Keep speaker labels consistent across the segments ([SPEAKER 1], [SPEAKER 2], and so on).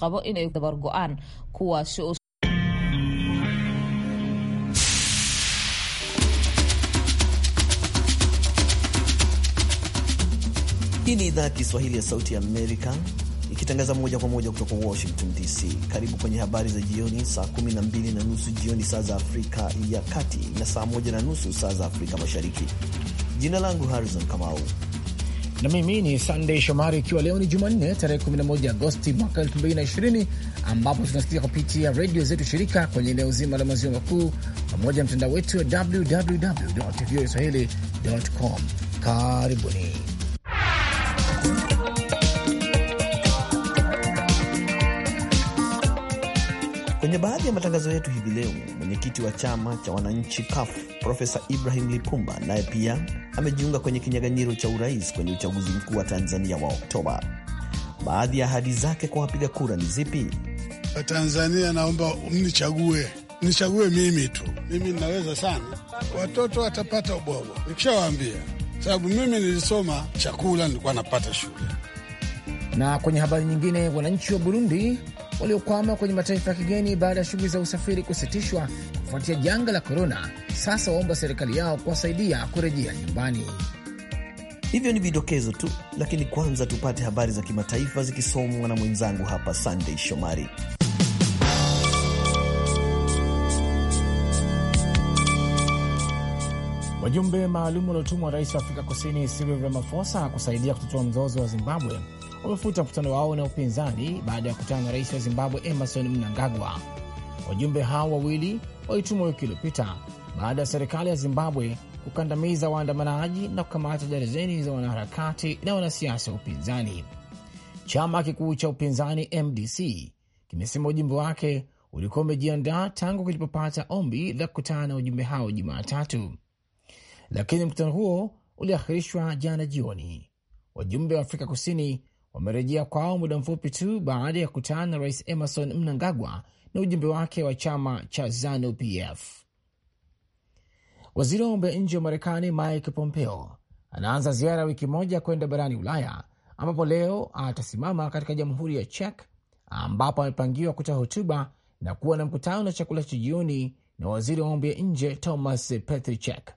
[SPEAKER 1] qabo inay dabar go-aan kuwaasi oo
[SPEAKER 2] Hii ni idhaa ya Kiswahili ya Sauti ya Amerika ikitangaza moja kwa moja kutoka Washington DC. Karibu kwenye habari za jioni, saa 12 na nusu jioni saa za Afrika ya Kati na saa 1 na nusu saa za Afrika Mashariki. Jina langu Harrison Kamau
[SPEAKER 3] na mimi ni sandey Shomari, ikiwa leo ni Jumanne tarehe 11 Agosti mwaka 2020 ambapo tunasikia kupitia redio zetu shirika kwenye eneo zima la maziwa makuu pamoja na mtandao wetu wa www www.voaswahili.com. Karibuni.
[SPEAKER 2] Kwenye baadhi ya matangazo yetu hivi leo, mwenyekiti wa chama cha wananchi CUF Profesa Ibrahim Lipumba naye pia amejiunga kwenye kinyaganyiro cha urais kwenye uchaguzi mkuu wa Tanzania wa Oktoba. Baadhi ya ahadi zake kwa wapiga kura ni
[SPEAKER 4] zipi? Tanzania, naomba mnichague, nichague mimi tu, mimi ninaweza sana. Watoto watapata ubwabwa nikishawaambia, sababu mimi nilisoma chakula, nilikuwa napata shule.
[SPEAKER 3] Na kwenye habari nyingine, wananchi wa Burundi waliokwama kwenye mataifa ya kigeni baada ya shughuli za usafiri kusitishwa kufuatia janga la korona, sasa waomba serikali yao kuwasaidia kurejea nyumbani. Hivyo
[SPEAKER 2] ni vidokezo tu, lakini kwanza tupate habari za kimataifa zikisomwa na mwenzangu hapa sandey
[SPEAKER 3] Shomari. Wajumbe maalum waliotumwa rais wa Afrika Kusini Cyril Ramaphosa kusaidia kutatua mzozo wa Zimbabwe wamefuta mkutano wao na upinzani baada ya kukutana na rais wa Zimbabwe Emerson Mnangagwa Wajumbe hao wawili walitumwa wiki iliyopita baada ya serikali ya Zimbabwe kukandamiza waandamanaji na kukamata darazeni za wanaharakati na wanasiasa wa upinzani. Chama kikuu cha upinzani MDC kimesema ujumbe wake ulikuwa umejiandaa tangu kilipopata ombi la kukutana na wajumbe hao Jumatatu, lakini mkutano huo uliahirishwa jana jioni. Wajumbe wa Afrika Kusini wamerejea kwao muda mfupi tu baada ya kukutana na Rais Emerson Mnangagwa na ujumbe wake wa chama cha ZANU PF. Waziri wa mambo ya nje wa Marekani Mike Pompeo anaanza ziara wiki moja kwenda barani Ulaya, ambapo leo atasimama katika jamhuri ya Czech ambapo amepangiwa kutoa hotuba na kuwa na mkutano na chakula cha jioni na waziri wa mambo ya nje Thomas Petrichek.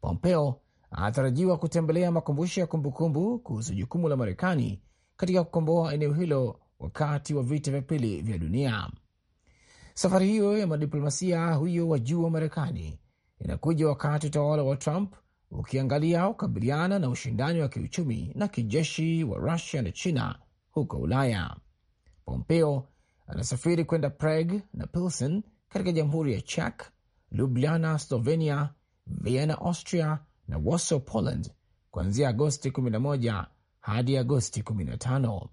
[SPEAKER 3] Pompeo anatarajiwa kutembelea makumbusho ya kumbukumbu kuhusu jukumu la Marekani katika kukomboa eneo hilo wakati wa vita vya pili vya dunia. Safari hiyo ya madiplomasia huyo wa juu wa Marekani inakuja wakati utawala wa Trump ukiangalia kukabiliana na ushindani wa kiuchumi na kijeshi wa Rusia na China huko Ulaya. Pompeo anasafiri kwenda Prague na Pilsen katika jamhuri ya Czech, Ljubljana Slovenia, Vienna Austria na Warsaw Poland kuanzia Agosti 11 hadi Agosti 15.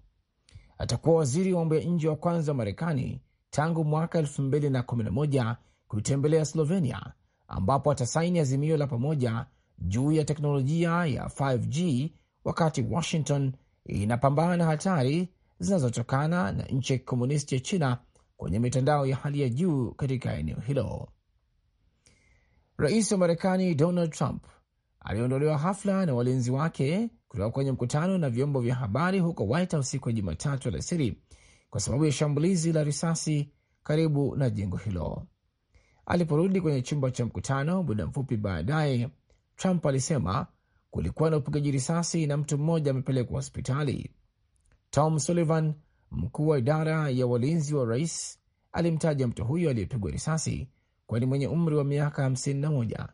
[SPEAKER 3] Atakuwa waziri wa mambo ya nje wa kwanza wa Marekani tangu mwaka 2011 kuitembelea Slovenia ambapo atasaini azimio la pamoja juu ya teknolojia ya 5G wakati Washington inapambana na hatari zinazotokana na nchi ya kikomunisti ya China kwenye mitandao ya hali ya juu katika eneo hilo. Rais wa Marekani Donald Trump aliondolewa hafla na walinzi wake kutoka kwenye mkutano na vyombo vya habari huko White House siku ya Jumatatu alasiri kwa sababu ya shambulizi la risasi karibu na jengo hilo. Aliporudi kwenye chumba cha mkutano muda mfupi baadaye, Trump alisema kulikuwa na upigaji risasi na mtu mmoja amepelekwa hospitali. Tom Sullivan, mkuu wa idara ya walinzi wa rais, alimtaja mtu huyo aliyepigwa risasi kwani mwenye umri wa miaka 51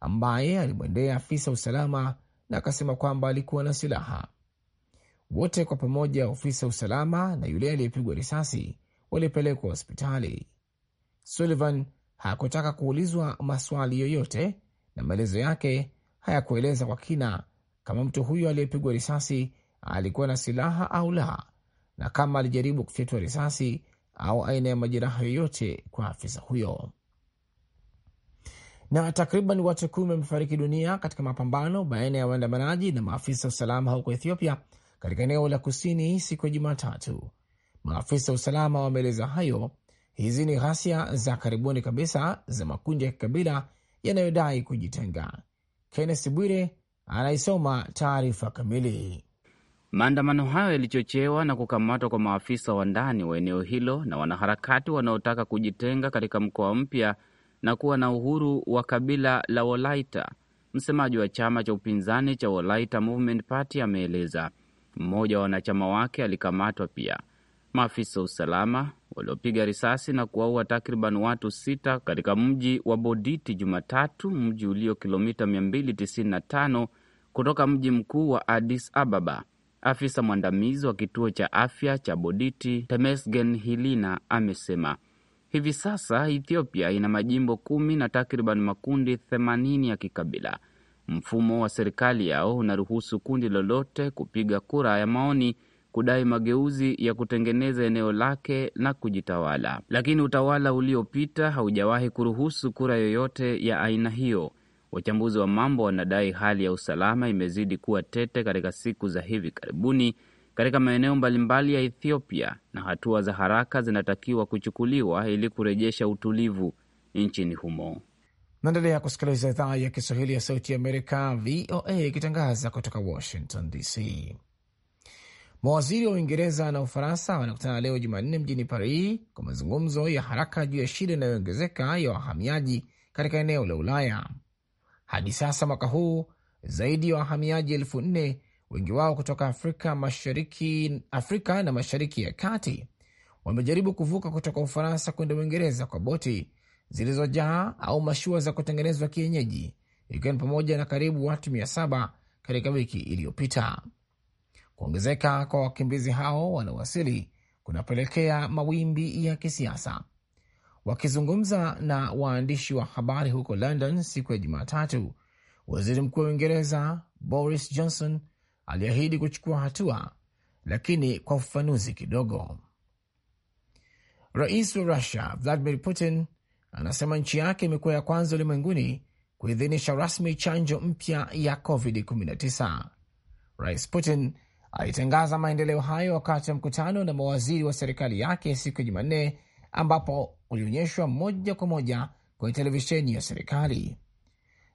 [SPEAKER 3] ambaye alimwendea afisa usalama na akasema kwamba alikuwa na silaha. Wote kwa pamoja, ofisa usalama na yule aliyepigwa risasi, walipelekwa hospitali. Sullivan hakutaka kuulizwa maswali yoyote na maelezo yake hayakueleza kwa kina kama mtu huyo aliyepigwa risasi alikuwa na silaha au la, na kama alijaribu kufyatua risasi au aina ya majeraha yoyote kwa afisa huyo. Na takriban watu kumi wamefariki dunia katika mapambano baina ya waandamanaji na maafisa usalama huko Ethiopia katika eneo la kusini siku ya Jumatatu. Maafisa wa usalama wameeleza hayo. Hizi ni ghasia za karibuni kabisa za makundi ya kikabila yanayodai kujitenga. kennes Bwire anaisoma taarifa kamili.
[SPEAKER 5] Maandamano hayo yalichochewa na kukamatwa kwa maafisa wa ndani wa eneo hilo na wanaharakati wanaotaka kujitenga katika mkoa mpya na kuwa na uhuru wa kabila la Wolaita. Msemaji wa chama cha upinzani cha Wolaita Movement Party ameeleza mmoja wa wanachama wake alikamatwa pia. Maafisa wa usalama waliopiga risasi na kuwaua takriban watu sita katika mji wa Boditi Jumatatu, mji ulio kilomita 295 kutoka mji mkuu wa Addis Ababa. Afisa mwandamizi wa kituo cha afya cha Boditi, Temesgen Hilina, amesema hivi sasa Ethiopia ina majimbo kumi na takriban makundi 80 ya kikabila. Mfumo wa serikali yao unaruhusu kundi lolote kupiga kura ya maoni kudai mageuzi ya kutengeneza eneo lake na kujitawala, lakini utawala uliopita haujawahi kuruhusu kura yoyote ya aina hiyo. Wachambuzi wa mambo wanadai hali ya usalama imezidi kuwa tete katika siku za hivi karibuni katika maeneo mbalimbali ya Ethiopia na hatua za haraka zinatakiwa kuchukuliwa ili kurejesha utulivu nchini humo.
[SPEAKER 3] Naendelea kusikiliza idhaa ya Kiswahili ya Sauti ya Amerika, VOA, ikitangaza kutoka Washington DC. Mawaziri wa Uingereza na Ufaransa wanakutana leo Jumanne mjini Paris kwa mazungumzo ya haraka juu ya shida inayoongezeka ya wahamiaji katika eneo la Ulaya. Hadi sasa mwaka huu zaidi ya wahamiaji elfu nne wengi wao kutoka Afrika Mashariki, Afrika na Mashariki ya Kati wamejaribu kuvuka kutoka Ufaransa kwenda Uingereza kwa boti zilizojaa au mashua za kutengenezwa kienyeji, ikiwa ni pamoja na karibu watu mia saba katika wiki iliyopita. Kuongezeka kwa wakimbizi hao wanaowasili kunapelekea mawimbi ya kisiasa. Wakizungumza na waandishi wa habari huko London siku ya Jumatatu, waziri mkuu wa Uingereza Boris Johnson aliahidi kuchukua hatua, lakini kwa ufafanuzi kidogo. Rais wa Rusia Vladimir Putin anasema nchi yake imekuwa ya kwanza ulimwenguni kuidhinisha rasmi chanjo mpya ya COVID-19. Rais Putin alitangaza maendeleo hayo wakati wa mkutano na mawaziri wa serikali yake siku ya Jumanne, ambapo ulionyeshwa moja kwa moja kwenye televisheni ya serikali.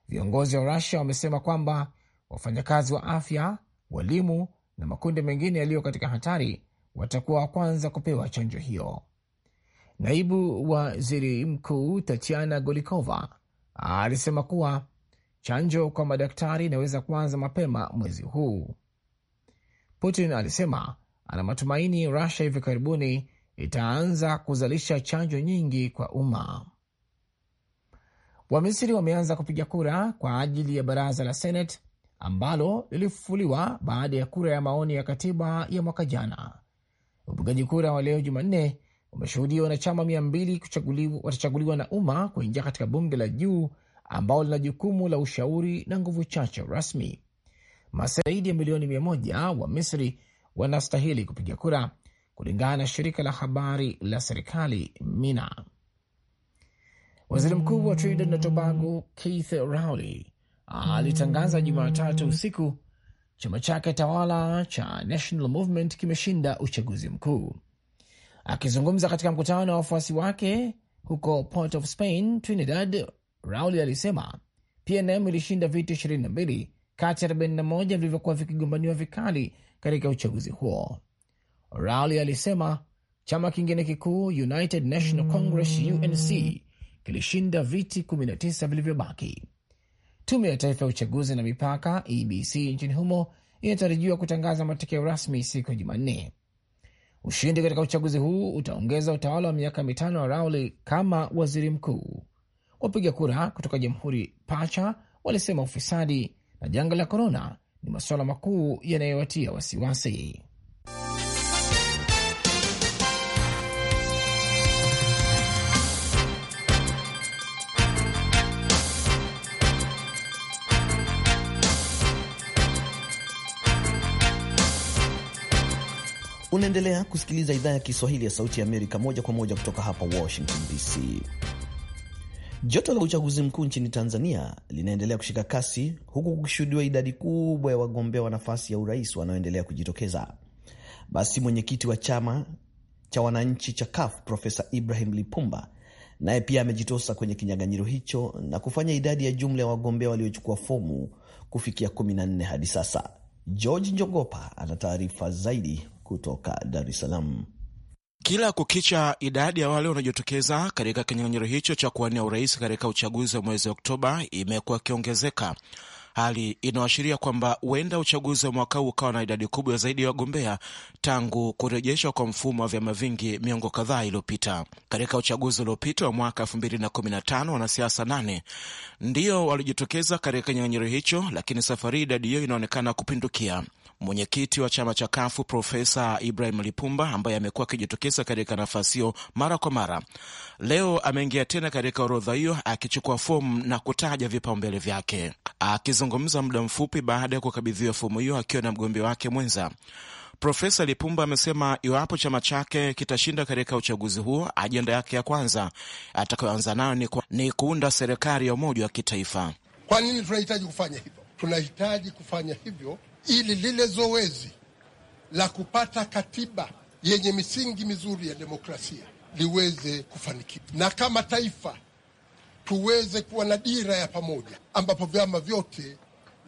[SPEAKER 3] Viongozi wa Rusia wamesema kwamba wafanyakazi wa afya, walimu na makundi mengine yaliyo katika hatari watakuwa wa kwanza kupewa chanjo hiyo. Naibu waziri mkuu Tatiana Golikova alisema kuwa chanjo kwa madaktari inaweza kuanza mapema mwezi huu. Putin alisema ana matumaini Rusia hivi karibuni itaanza kuzalisha chanjo nyingi kwa umma. Wamisri wameanza kupiga kura kwa ajili ya baraza la Senate ambalo lilifufuliwa baada ya kura ya maoni ya katiba ya mwaka jana. Upigaji kura wa leo Jumanne umeshuhudia wanachama mia mbili watachaguliwa na umma kuingia katika bunge la juu ambao lina jukumu la ushauri na nguvu chache rasmi. Masaidi ya milioni mia moja wa Misri wanastahili kupiga kura kulingana na shirika la habari la serikali Mina. Waziri mkuu wa Trinidad na Tobago Keith Rowley alitangaza Jumatatu usiku chama chake tawala cha National Movement kimeshinda uchaguzi mkuu. Akizungumza katika mkutano na wafuasi wake huko Port of Spain, Trinidad, Raul alisema PNM ilishinda viti 22 kati ya 41 vilivyokuwa vikigombaniwa vikali katika uchaguzi huo. Raul alisema chama kingine kikuu United National Congress UNC kilishinda viti 19 vilivyobaki. Tume ya Taifa ya Uchaguzi na Mipaka EBC nchini humo inatarajiwa kutangaza matokeo rasmi siku ya Jumanne. Ushindi katika uchaguzi huu utaongeza utawala wa miaka mitano wa Rauli kama waziri mkuu. Wapiga kura kutoka jamhuri pacha walisema ufisadi na janga la korona ni masuala makuu yanayowatia wasiwasi.
[SPEAKER 2] Unaendelea kusikiliza idhaa ya Kiswahili ya Sauti ya Amerika moja kwa moja kutoka hapa Washington DC. Joto la uchaguzi mkuu nchini Tanzania linaendelea kushika kasi huku kukishuhudiwa idadi kubwa ya wagombea wa nafasi ya urais wanaoendelea kujitokeza. Basi mwenyekiti wa chama cha wananchi cha CUF Profesa Ibrahim Lipumba naye pia amejitosa kwenye kinyang'anyiro hicho na kufanya idadi ya jumla ya wagombea waliochukua fomu kufikia 14 hadi sasa. George Njogopa ana taarifa zaidi kutoka Dar es Salaam. Kila
[SPEAKER 6] kukicha idadi ya wale wanaojitokeza katika kinyang'anyiro hicho cha kuwania urais katika uchaguzi wa mwezi Oktoba imekuwa ikiongezeka, hali inayoashiria kwamba huenda uchaguzi wa mwaka huu ukawa na idadi kubwa zaidi ya wagombea tangu kurejeshwa kwa mfumo wa vyama vingi miongo kadhaa iliyopita. Katika uchaguzi uliopita wa mwaka 2015 wanasiasa nane ndiyo walijitokeza katika kinyang'anyiro hicho, lakini safari idadi hiyo inaonekana kupindukia. Mwenyekiti wa chama cha Kafu Profesa Ibrahim Lipumba, ambaye amekuwa akijitokeza katika nafasi hiyo mara kwa mara, leo ameingia tena katika orodha hiyo akichukua fomu na kutaja vipaumbele vyake. Akizungumza muda mfupi baada ya kukabidhiwa fomu hiyo akiwa na mgombea wake mwenza Profesa Lipumba amesema iwapo chama chake kitashinda katika uchaguzi huo, ajenda yake ya kwanza atakayoanza nayo ni, ku, ni kuunda serikali ya umoja wa kitaifa.
[SPEAKER 4] Kwa nini tunahitaji kufanya hivyo? Tunahitaji kufanya hivyo ili lile zoezi la kupata katiba yenye misingi mizuri ya demokrasia liweze kufanikiwa, na kama taifa tuweze kuwa na dira ya pamoja, ambapo vyama vyote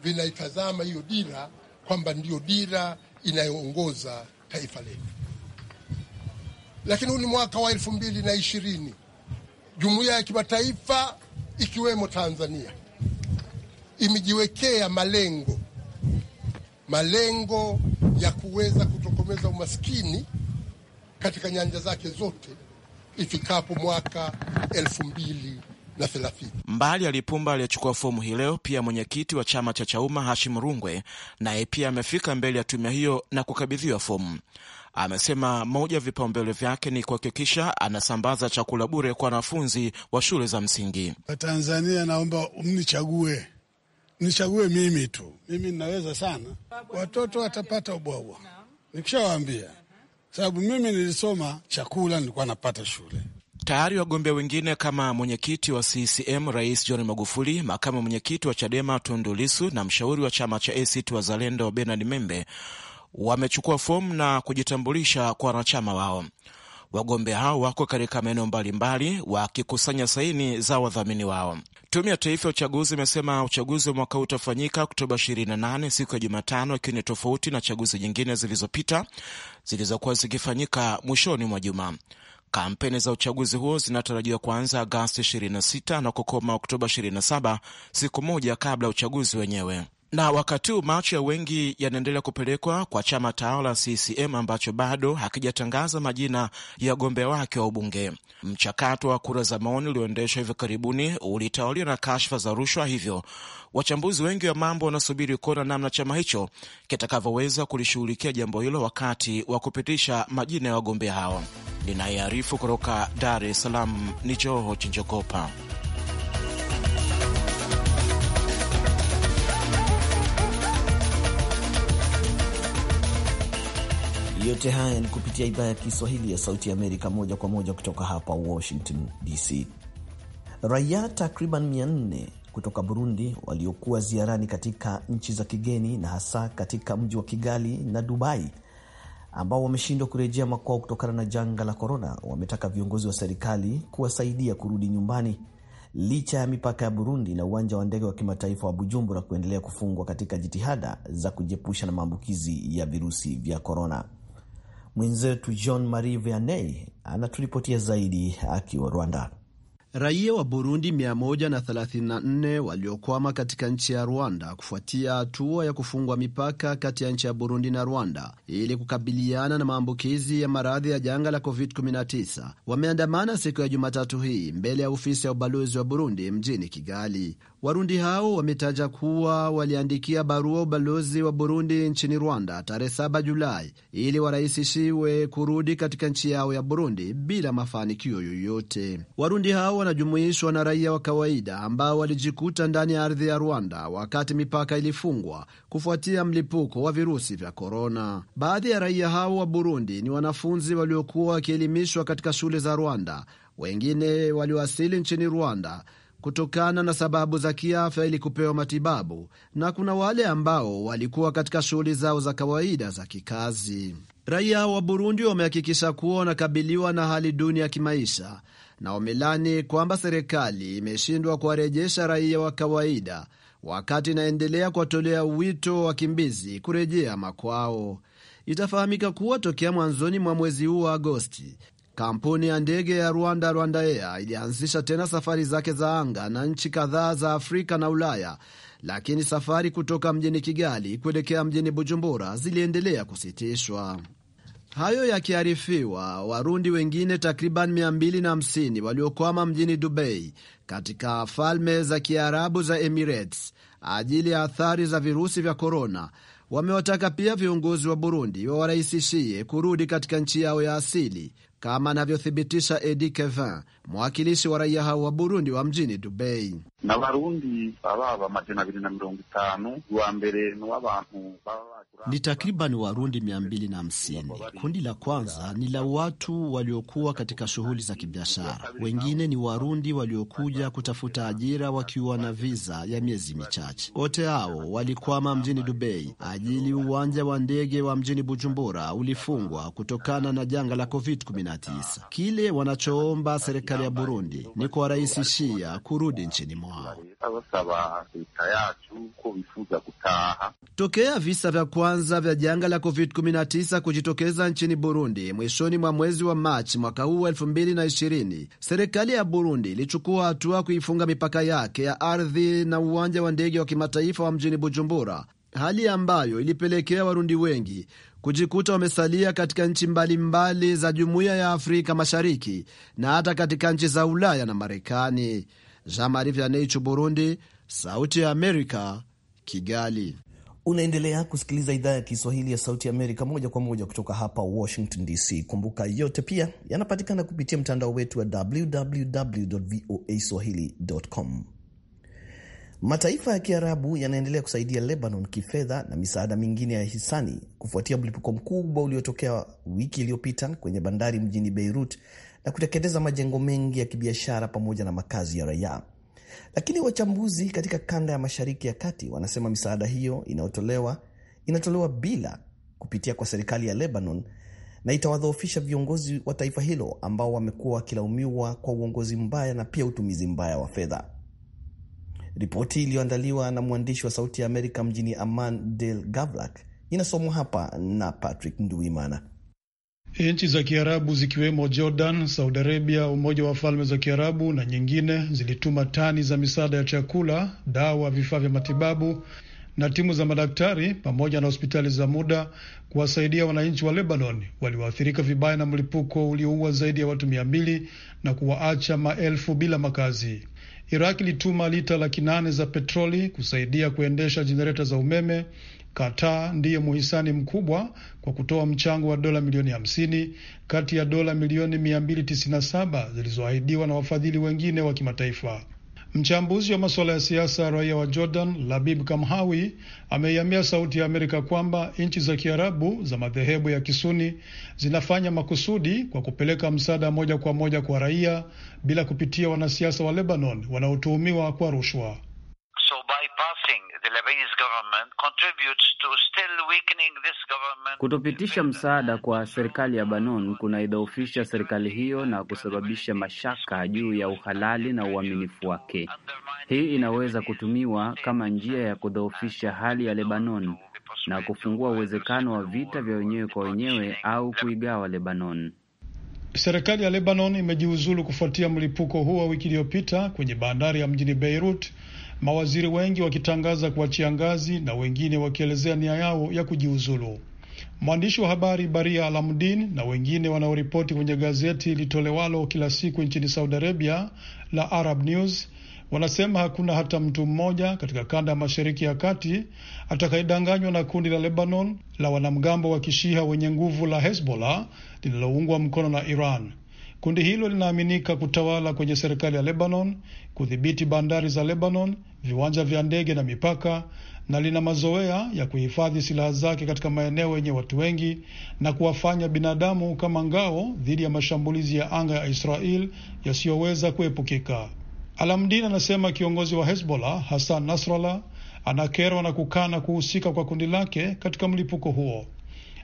[SPEAKER 4] vinaitazama hiyo dira kwamba ndiyo dira inayoongoza taifa letu. Lakini huu ni mwaka wa elfu mbili na ishirini, jumuiya ya kimataifa ikiwemo Tanzania imejiwekea malengo malengo ya kuweza kutokomeza umaskini katika nyanja zake zote ifikapo mwaka elfu mbili na thelathini.
[SPEAKER 6] Mbali ya Lipumba aliyechukua fomu hii leo, pia mwenyekiti wa chama cha Chauma Hashim Rungwe naye pia amefika mbele ya tume hiyo na kukabidhiwa fomu. Amesema moja ya vipaumbele vyake ni kuhakikisha anasambaza chakula bure kwa wanafunzi wa shule za msingi.
[SPEAKER 4] Tanzania. naomba mnichague nichague mimi tu, mimi ninaweza sana, watoto watapata ubwabwa nikishawaambia, sababu mimi nilisoma chakula nilikuwa napata shule
[SPEAKER 6] tayari wagombea wengine kama mwenyekiti wa CCM Rais John Magufuli, makamu mwenyekiti wa CHADEMA Tundu Lisu na mshauri wa chama cha ACT Wazalendo Bernard Membe wamechukua fomu na kujitambulisha kwa wanachama wao. Wagombea hao wako katika maeneo mbalimbali wakikusanya saini za wadhamini wao. Tume ya Taifa ya Uchaguzi imesema uchaguzi wa mwaka huu utafanyika Oktoba 28 siku ya Jumatano, ikiwa ni tofauti na chaguzi nyingine zilizopita zilizokuwa zikifanyika mwishoni mwa juma. Kampeni za uchaguzi huo zinatarajiwa kuanza Agasti 26 na kukoma Oktoba 27, siku moja kabla ya uchaguzi wenyewe. Na wakati huu macho ya wengi yanaendelea kupelekwa kwa chama tawala CCM ambacho bado hakijatangaza majina ya wagombea wake wa ubunge. Mchakato wa kura za maoni ulioendeshwa hivi karibuni ulitawaliwa na kashfa za rushwa, hivyo wachambuzi wengi wa mambo wanasubiri kuona namna chama hicho kitakavyoweza kulishughulikia jambo hilo wakati wa kupitisha majina ya wagombea hao. Ninayearifu kutoka Dar es Salaam ni Joho Chinjokopa.
[SPEAKER 2] Yote haya ni kupitia idhaa ya Kiswahili ya Sauti ya Amerika, moja kwa moja kutoka hapa Washington DC. Raia takriban 4 kutoka Burundi waliokuwa ziarani katika nchi za kigeni na hasa katika mji wa Kigali na Dubai ambao wameshindwa kurejea makwao kutokana na janga la korona, wametaka viongozi wa serikali kuwasaidia kurudi nyumbani licha ya mipaka ya Burundi na uwanja wa ndege wa kimataifa wa Bujumbura kuendelea kufungwa katika jitihada za kujiepusha na maambukizi ya virusi vya korona. Mwenzetu john Marie Vianney anaturipotia zaidi akiwa Rwanda.
[SPEAKER 7] Raia wa Burundi 134 waliokwama katika nchi ya Rwanda kufuatia hatua ya kufungwa mipaka kati ya nchi ya Burundi na Rwanda ili kukabiliana na maambukizi ya maradhi ya janga la COVID-19 wameandamana siku ya Jumatatu hii mbele ya ofisi ya ubalozi wa Burundi mjini Kigali. Warundi hao wametaja kuwa waliandikia barua ubalozi wa Burundi nchini Rwanda tarehe 7 Julai ili warahisishiwe kurudi katika nchi yao ya Burundi bila mafanikio yoyote. Warundi hao wanajumuishwa na raia wa kawaida ambao walijikuta ndani ya ardhi ya Rwanda wakati mipaka ilifungwa kufuatia mlipuko wa virusi vya korona. Baadhi ya raia hao wa Burundi ni wanafunzi waliokuwa wakielimishwa katika shule za Rwanda, wengine waliowasili nchini Rwanda kutokana na sababu za kiafya ili kupewa matibabu, na kuna wale ambao walikuwa katika shughuli zao za kawaida za kikazi. Raia wa Burundi wamehakikisha kuwa wanakabiliwa na hali duni ya kimaisha na wamelani kwamba serikali imeshindwa kuwarejesha raia wa kawaida wakati inaendelea kuwatolea wito wakimbizi kurejea makwao. Itafahamika kuwa tokea mwanzoni mwa mwezi huu wa Agosti, kampuni ya ndege ya Rwanda rwanda ea ilianzisha tena safari zake za anga na nchi kadhaa za Afrika na Ulaya, lakini safari kutoka mjini Kigali kuelekea mjini Bujumbura ziliendelea kusitishwa. Hayo yakiarifiwa, Warundi wengine takriban 250 waliokwama mjini Dubai katika Falme za Kiarabu za Emirates ajili ya athari za virusi vya korona wamewataka pia viongozi wa Burundi wawarahisishie kurudi katika nchi yao ya asili, kama anavyothibitisha Edi Kevin, mwakilishi wa raia hao wa Burundi wa mjini Dubai
[SPEAKER 4] na
[SPEAKER 5] warundi aba majana abiri na mirongo itanu wa mbere ni w'abantu
[SPEAKER 7] ni takribani Warundi mia mbili na hamsini. Kundi la kwanza ni la watu waliokuwa katika shughuli za kibiashara, wengine ni Warundi waliokuja kutafuta ajira wakiwa na viza ya miezi michache. Wote hao walikwama mjini Dubai ajili uwanja wa ndege wa mjini Bujumbura ulifungwa kutokana na janga la COVID-19. Kile wanachoomba serikali ya Burundi ni kwa shia kurudi nchini mwao. Tokea visa vya kwanza vya janga la COVID-19 kujitokeza nchini Burundi mwishoni mwa mwezi wa Machi mwaka huu 2020, serikali ya Burundi ilichukua hatua kuifunga mipaka yake ya ardhi na uwanja wa ndege wa kimataifa wa mjini Bujumbura, hali ambayo ilipelekea Warundi wengi kujikuta wamesalia katika nchi mbalimbali za Jumuiya ya Afrika Mashariki na hata katika nchi za Ulaya na Marekani. Jean Marie Vianney, Burundi.
[SPEAKER 2] Sauti ya Amerika, Kigali. Unaendelea kusikiliza idhaa ya Kiswahili ya Sauti Amerika moja kwa moja kutoka hapa Washington DC. Kumbuka yote pia yanapatikana kupitia mtandao wetu wa www voa swahili.com. Mataifa ya Kiarabu yanaendelea kusaidia Lebanon kifedha na misaada mingine ya hisani kufuatia mlipuko mkubwa uliotokea wiki iliyopita kwenye bandari mjini Beirut na kuteketeza majengo mengi ya kibiashara pamoja na makazi ya raia. Lakini wachambuzi katika kanda ya Mashariki ya Kati wanasema misaada hiyo inayotolewa inatolewa bila kupitia kwa serikali ya Lebanon na itawadhoofisha viongozi wa taifa hilo ambao wamekuwa wakilaumiwa kwa uongozi mbaya na pia utumizi mbaya wa fedha. Ripoti iliyoandaliwa na mwandishi wa Sauti ya Amerika mjini Aman Del Gavlak inasomwa hapa na Patrick Nduimana.
[SPEAKER 4] Nchi za Kiarabu zikiwemo Jordan, Saudi Arabia, Umoja wa Falme za Kiarabu na nyingine zilituma tani za misaada ya chakula, dawa, vifaa vya matibabu na timu za madaktari pamoja na hospitali za muda kuwasaidia wananchi wa Lebanon walioathirika vibaya na mlipuko ulioua zaidi ya watu mia mbili na kuwaacha maelfu bila makazi. Iraq ilituma lita laki nane za petroli kusaidia kuendesha jenereta za umeme Qatar ndiye muhisani mkubwa kwa kutoa mchango wa dola milioni 50 kati ya dola milioni 297 zilizoahidiwa na wafadhili wengine wa kimataifa. Mchambuzi wa masuala ya siasa, raia wa Jordan Labib Kamhawi ameiambia Sauti ya Amerika kwamba nchi za Kiarabu za madhehebu ya Kisuni zinafanya makusudi kwa kupeleka msaada moja kwa moja kwa raia bila kupitia wanasiasa wa Lebanon wanaotuhumiwa kwa rushwa
[SPEAKER 1] also bypassing the Lebanese government contributes to still weakening this
[SPEAKER 5] government. Kutopitisha msaada kwa serikali ya Banon kunaidhoofisha serikali hiyo na kusababisha mashaka juu ya uhalali na uaminifu wake. Hii inaweza kutumiwa kama njia ya kudhoofisha hali ya Lebanon na kufungua uwezekano wa vita vya wenyewe kwa wenyewe au kuigawa Lebanon.
[SPEAKER 4] Serikali ya Lebanon imejiuzulu kufuatia mlipuko huo wiki iliyopita kwenye bandari ya mjini Beirut mawaziri wengi wakitangaza kuachia ngazi na wengine wakielezea nia yao ya kujiuzulu. Mwandishi wa habari Baria Alamudin na wengine wanaoripoti kwenye gazeti litolewalo kila siku nchini Saudi Arabia la Arab News wanasema hakuna hata mtu mmoja katika kanda ya Mashariki ya Kati atakayedanganywa na kundi la Lebanon la wanamgambo wa kishiha wenye nguvu la Hezbollah linaloungwa mkono na Iran. Kundi hilo linaaminika kutawala kwenye serikali ya Lebanon, kudhibiti bandari za Lebanon, viwanja vya ndege na mipaka, na lina mazoea ya kuhifadhi silaha zake katika maeneo yenye watu wengi na kuwafanya binadamu kama ngao dhidi ya mashambulizi ya anga ya Israel yasiyoweza kuepukika. Alamdin anasema kiongozi wa Hezbollah Hassan Nasrallah anakerwa na kukana kuhusika kwa kundi lake katika mlipuko huo.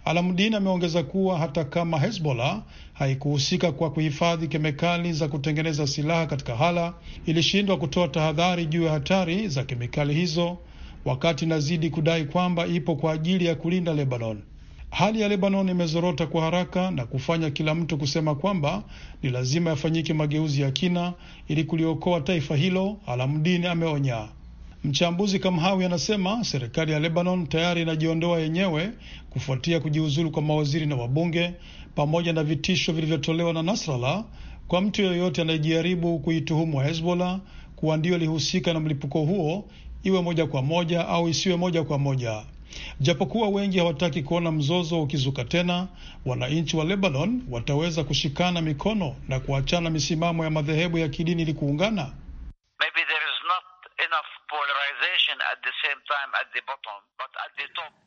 [SPEAKER 4] Alamudin ameongeza kuwa hata kama Hezbollah haikuhusika kwa kuhifadhi kemikali za kutengeneza silaha katika Hala, ilishindwa kutoa tahadhari juu ya hatari za kemikali hizo, wakati inazidi kudai kwamba ipo kwa ajili ya kulinda Lebanon. Hali ya Lebanon imezorota kwa haraka na kufanya kila mtu kusema kwamba ni lazima yafanyike mageuzi ya kina ili kuliokoa taifa hilo, alamdini ameonya. Mchambuzi Kamhawi anasema serikali ya Lebanon tayari inajiondoa yenyewe kufuatia kujiuzulu kwa mawaziri na wabunge pamoja na vitisho vilivyotolewa na Nasrallah kwa mtu yeyote anayejaribu kuituhumu Hezbollah kuwa ndio ilihusika na mlipuko huo, iwe moja kwa moja au isiwe moja kwa moja. Japokuwa wengi hawataki kuona mzozo ukizuka tena, wananchi wa Lebanon wataweza kushikana mikono na kuachana misimamo ya madhehebu ya kidini ili kuungana?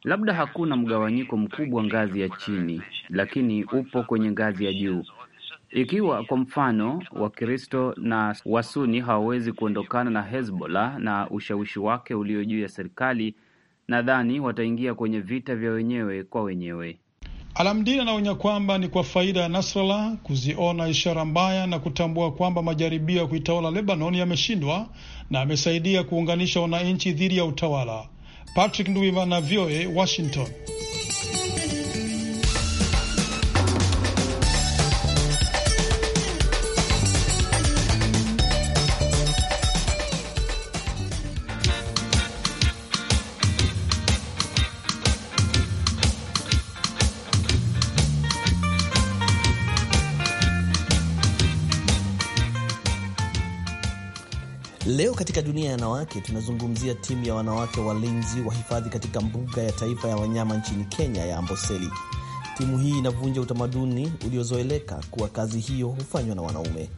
[SPEAKER 4] Labda hakuna mgawanyiko
[SPEAKER 5] mkubwa ngazi ya chini, lakini upo kwenye ngazi ya juu. Ikiwa kwa mfano Wakristo na Wasuni hawawezi kuondokana na Hezbollah na ushawishi wake ulio juu ya serikali, nadhani wataingia kwenye vita vya wenyewe kwa wenyewe.
[SPEAKER 4] Alamdin anaonya kwamba ni kwa faida ya Nasrallah kuziona ishara mbaya na kutambua kwamba majaribio ya kuitawala Lebanon yameshindwa na amesaidia kuunganisha wananchi dhidi ya utawala. Patrick Nduimana, VOA, Washington.
[SPEAKER 2] Leo katika dunia ya wanawake tunazungumzia timu ya wanawake walinzi wa hifadhi katika mbuga ya taifa ya wanyama nchini Kenya ya Amboseli. Timu hii inavunja utamaduni uliozoeleka kuwa kazi hiyo hufanywa na wanaume,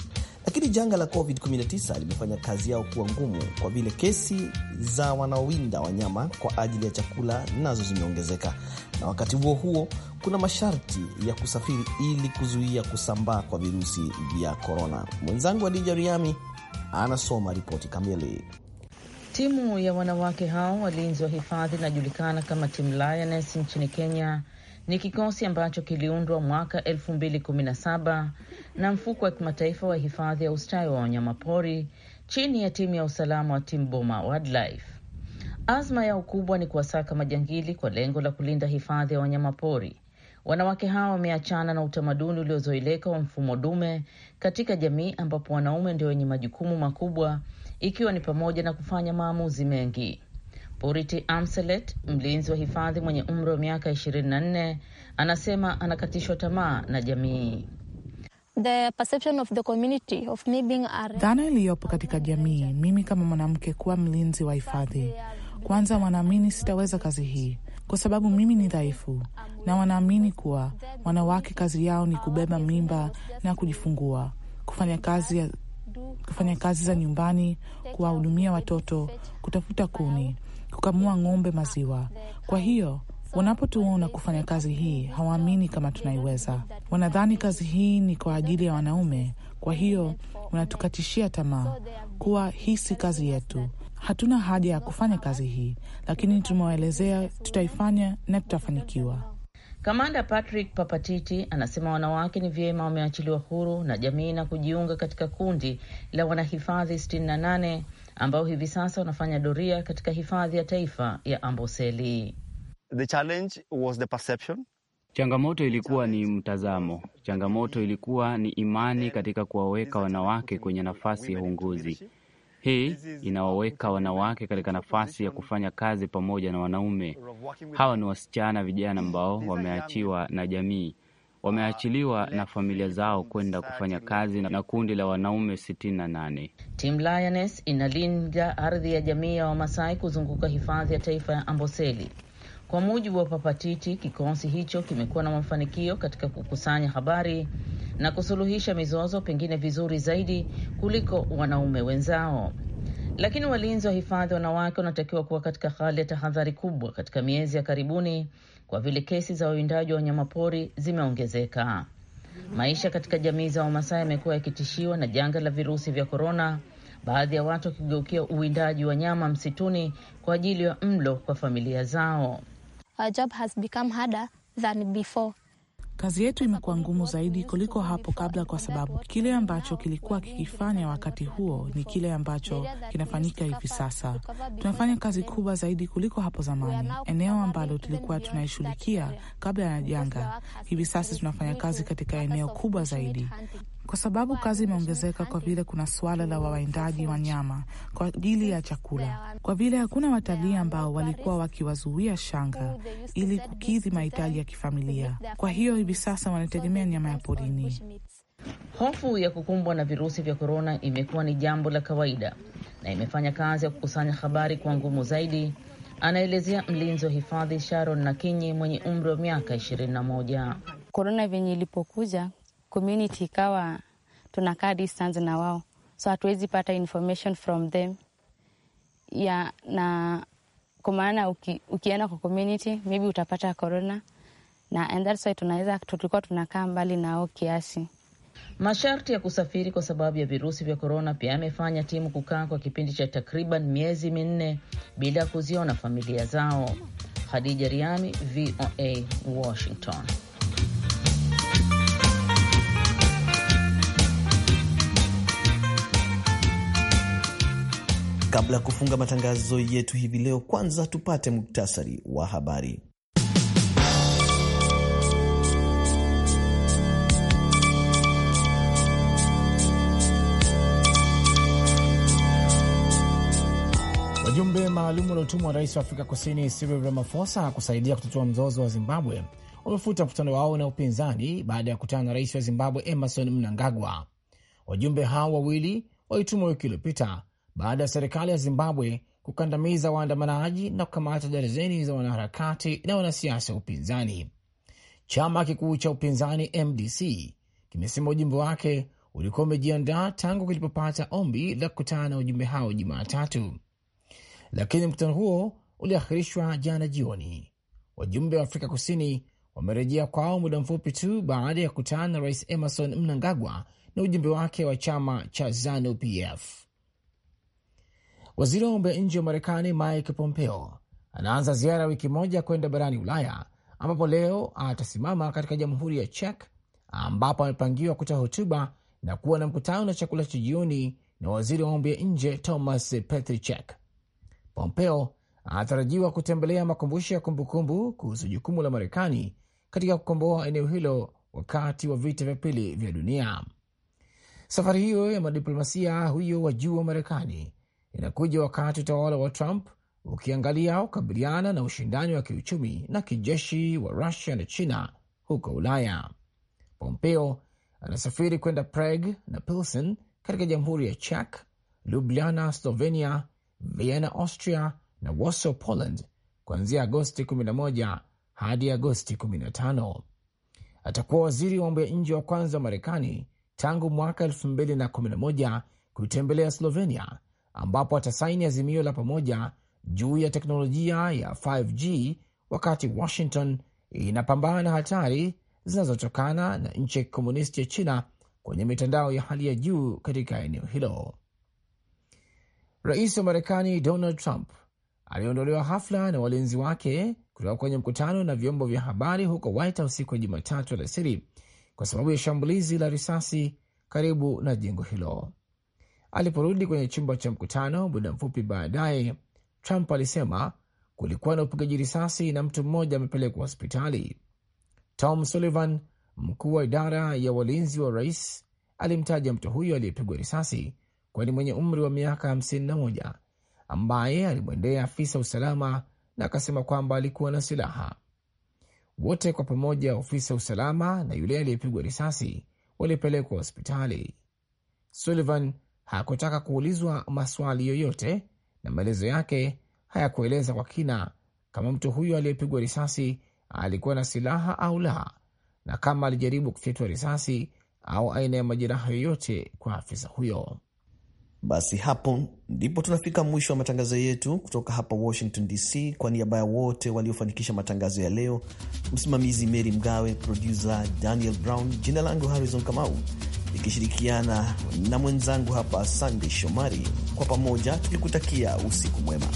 [SPEAKER 2] lakini janga la COVID-19 limefanya kazi yao kuwa ngumu kwa vile kesi za wanaowinda wanyama kwa ajili ya chakula nazo zimeongezeka, na wakati huo huo kuna masharti ya kusafiri ili kuzuia kusambaa kwa virusi vya korona. Mwenzangu Adija Riami anasoma ripoti kamili.
[SPEAKER 1] Timu ya wanawake hao walinzi wa hifadhi inajulikana kama timu Lioness nchini Kenya. Ni kikosi ambacho kiliundwa mwaka 2017 na mfuko wa kimataifa wa hifadhi ya ustawi wa wanyamapori chini ya timu ya usalama wa timu Boma Wildlife. Azma yao kubwa ni kuwasaka majangili kwa lengo la kulinda hifadhi ya wanyamapori Wanawake hawa wameachana na utamaduni uliozoeleka wa mfumo dume katika jamii ambapo wanaume ndio wenye majukumu makubwa ikiwa ni pamoja na kufanya maamuzi mengi. Purity Amselet, mlinzi wa hifadhi mwenye umri wa miaka 24, anasema anakatishwa tamaa na jamii.
[SPEAKER 8] Dhana iliyopo katika jamii, mimi kama mwanamke kuwa mlinzi wa hifadhi, kwanza wanaamini sitaweza kazi hii kwa sababu mimi ni dhaifu, na wanaamini kuwa wanawake kazi yao ni kubeba mimba na kujifungua, kufanya kazi kufanya kazi za nyumbani, kuwahudumia watoto, kutafuta kuni, kukamua ng'ombe maziwa. Kwa hiyo wanapotuona kufanya kazi hii, hawaamini kama tunaiweza. Wanadhani kazi hii ni kwa ajili ya wanaume, kwa hiyo wanatukatishia tamaa kuwa hii si kazi yetu, hatuna haja ya kufanya kazi hii, lakini tumewaelezea tutaifanya na tutafanikiwa.
[SPEAKER 1] Kamanda Patrick Papatiti anasema wanawake ni vyema wameachiliwa huru na jamii na kujiunga katika kundi la wanahifadhi 68 ambao hivi sasa wanafanya doria katika hifadhi ya taifa ya Amboseli.
[SPEAKER 5] The challenge was the perception. Changamoto ilikuwa ni mtazamo. Changamoto ilikuwa ni imani katika kuwaweka wanawake kwenye nafasi ya uongozi. Hii uh, inawaweka wanawake katika nafasi ya kufanya kazi pamoja na wanaume. Hawa ni wasichana vijana ambao wameachiwa na jamii, uh, wameachiliwa na familia zao kwenda kufanya kazi na kundi la wanaume 68. na nane.
[SPEAKER 1] Team Lioness inalinda ardhi ya jamii ya Wamasai kuzunguka hifadhi ya taifa ya Amboseli. Kwa mujibu wa Papatiti, kikosi hicho kimekuwa na mafanikio katika kukusanya habari na kusuluhisha mizozo, pengine vizuri zaidi kuliko wanaume wenzao. Lakini walinzi wa hifadhi wanawake wanatakiwa kuwa katika hali ya tahadhari kubwa katika miezi ya karibuni, kwa vile kesi za wawindaji wa wanyamapori zimeongezeka. Maisha katika jamii za Wamasai yamekuwa yakitishiwa na janga la virusi vya korona, baadhi ya watu wakigeukia uwindaji wa nyama msituni kwa ajili ya mlo kwa familia zao our uh, job has become harder
[SPEAKER 8] than before. Kazi yetu imekuwa ngumu zaidi kuliko hapo kabla, kwa sababu kile ambacho kilikuwa kikifanya wakati huo ni kile ambacho kinafanyika hivi sasa. Tunafanya kazi kubwa zaidi kuliko hapo zamani. Eneo ambalo tulikuwa tunaishughulikia kabla ya janga, hivi sasa tunafanya kazi katika eneo kubwa zaidi kwa sababu kazi imeongezeka kwa vile kuna suala la wawindaji wanyama kwa ajili ya chakula, kwa vile hakuna watalii ambao walikuwa wakiwazuia shanga ili kukidhi mahitaji ya kifamilia. Kwa hiyo hivi sasa wanategemea nyama ya porini. Hofu
[SPEAKER 1] ya kukumbwa na virusi vya korona imekuwa ni jambo la kawaida na imefanya kazi ya kukusanya habari kwa ngumu zaidi, anaelezea mlinzi wa hifadhi Sharon Nakinyi mwenye umri wa miaka ishirini na moja. Korona venye ilipokuja community ikawa tunakaa distance na wao, so hatuwezi pata information from them ya na kwa maana uki, ukienda kwa community maybe utapata corona na and that's why tunaweza tulikuwa tunakaa mbali nao kiasi. Masharti ya kusafiri kwa sababu ya virusi vya korona pia yamefanya timu kukaa kwa kipindi cha takriban miezi minne bila kuziona familia zao. Khadija Riami, VOA, Washington.
[SPEAKER 2] Kabla ya kufunga matangazo yetu hivi leo, kwanza tupate muktasari wa habari.
[SPEAKER 3] Wajumbe maalum waliotumwa rais wa Afrika Kusini Cyril Ramaphosa kusaidia kutatua mzozo wa Zimbabwe wamefuta mkutano wao na upinzani baada ya kukutana na rais wa Zimbabwe Emerson Mnangagwa. Wajumbe hao wawili walitumwa wiki iliyopita baada ya serikali ya Zimbabwe kukandamiza waandamanaji na kukamata darzeni za wanaharakati na wanasiasa wa upinzani. Chama kikuu cha upinzani MDC kimesema ujumbe wake ulikuwa umejiandaa tangu kilipopata ombi la kukutana na wajumbe hao Jumatatu, lakini mkutano huo uliahirishwa jana jioni. Wajumbe wa Afrika Kusini wamerejea kwao muda mfupi tu baada ya kukutana na Rais Emerson Mnangagwa na ujumbe wake wa chama cha ZANU PF. Waziri wa mambo ya nje wa Marekani Mike Pompeo anaanza ziara wiki moja kwenda barani Ulaya, ambapo leo atasimama katika jamhuri ya Czech ambapo amepangiwa kutoa hotuba na kuwa na mkutano na chakula cha jioni na waziri wa mambo ya nje Thomas Petrichek. Pompeo anatarajiwa kutembelea makumbusho ya kumbukumbu kuhusu jukumu la Marekani katika kukomboa eneo hilo wakati wa vita vya pili vya dunia. Safari hiyo ya madiplomasia huyo wa juu wa Marekani inakuja wakati utawala wa Trump ukiangalia kukabiliana na ushindani wa kiuchumi na kijeshi wa Rusia na China huko Ulaya. Pompeo anasafiri kwenda Prague na Pilsen katika jamhuri ya Czech, Ljubljana Slovenia, Vienna Austria na Warsaw Poland kuanzia Agosti 11 hadi Agosti 15. Atakuwa waziri wa mambo ya nje wa kwanza wa Marekani tangu mwaka 2011 kuitembelea Slovenia ambapo atasaini azimio la pamoja juu ya teknolojia ya 5G wakati Washington inapambana na hatari zinazotokana na nchi ya kikomunisti ya China kwenye mitandao ya hali ya juu katika eneo hilo. Rais wa Marekani Donald Trump aliondolewa hafla na walinzi wake kutoka kwenye mkutano na vyombo vya habari huko White House siku ya Jumatatu alasiri kwa sababu ya shambulizi la risasi karibu na jengo hilo. Aliporudi kwenye chumba cha mkutano muda mfupi baadaye, Trump alisema kulikuwa na upigaji risasi na mtu mmoja amepelekwa hospitali. Tom Sullivan, mkuu wa idara ya walinzi wa rais, alimtaja mtu huyo aliyepigwa risasi kwani ni mwenye umri wa miaka 51 ambaye alimwendea afisa usalama na akasema kwamba alikuwa na silaha. Wote kwa pamoja, ofisa usalama na yule aliyepigwa risasi, walipelekwa hospitali. Sullivan hakutaka kuulizwa maswali yoyote na maelezo yake hayakueleza kwa kina kama mtu huyo aliyepigwa risasi alikuwa na silaha au la, na kama alijaribu kufyatwa risasi au aina ya majeraha yoyote kwa afisa huyo.
[SPEAKER 2] Basi hapo ndipo tunafika mwisho wa matangazo yetu kutoka hapa Washington DC. Kwa niaba ya wote waliofanikisha matangazo ya leo, msimamizi Mary Mgawe, produsa Daniel Brown, jina langu Harrison Kamau nikishirikiana na mwenzangu hapa Sandey Shomari, kwa pamoja tukikutakia usiku mwema.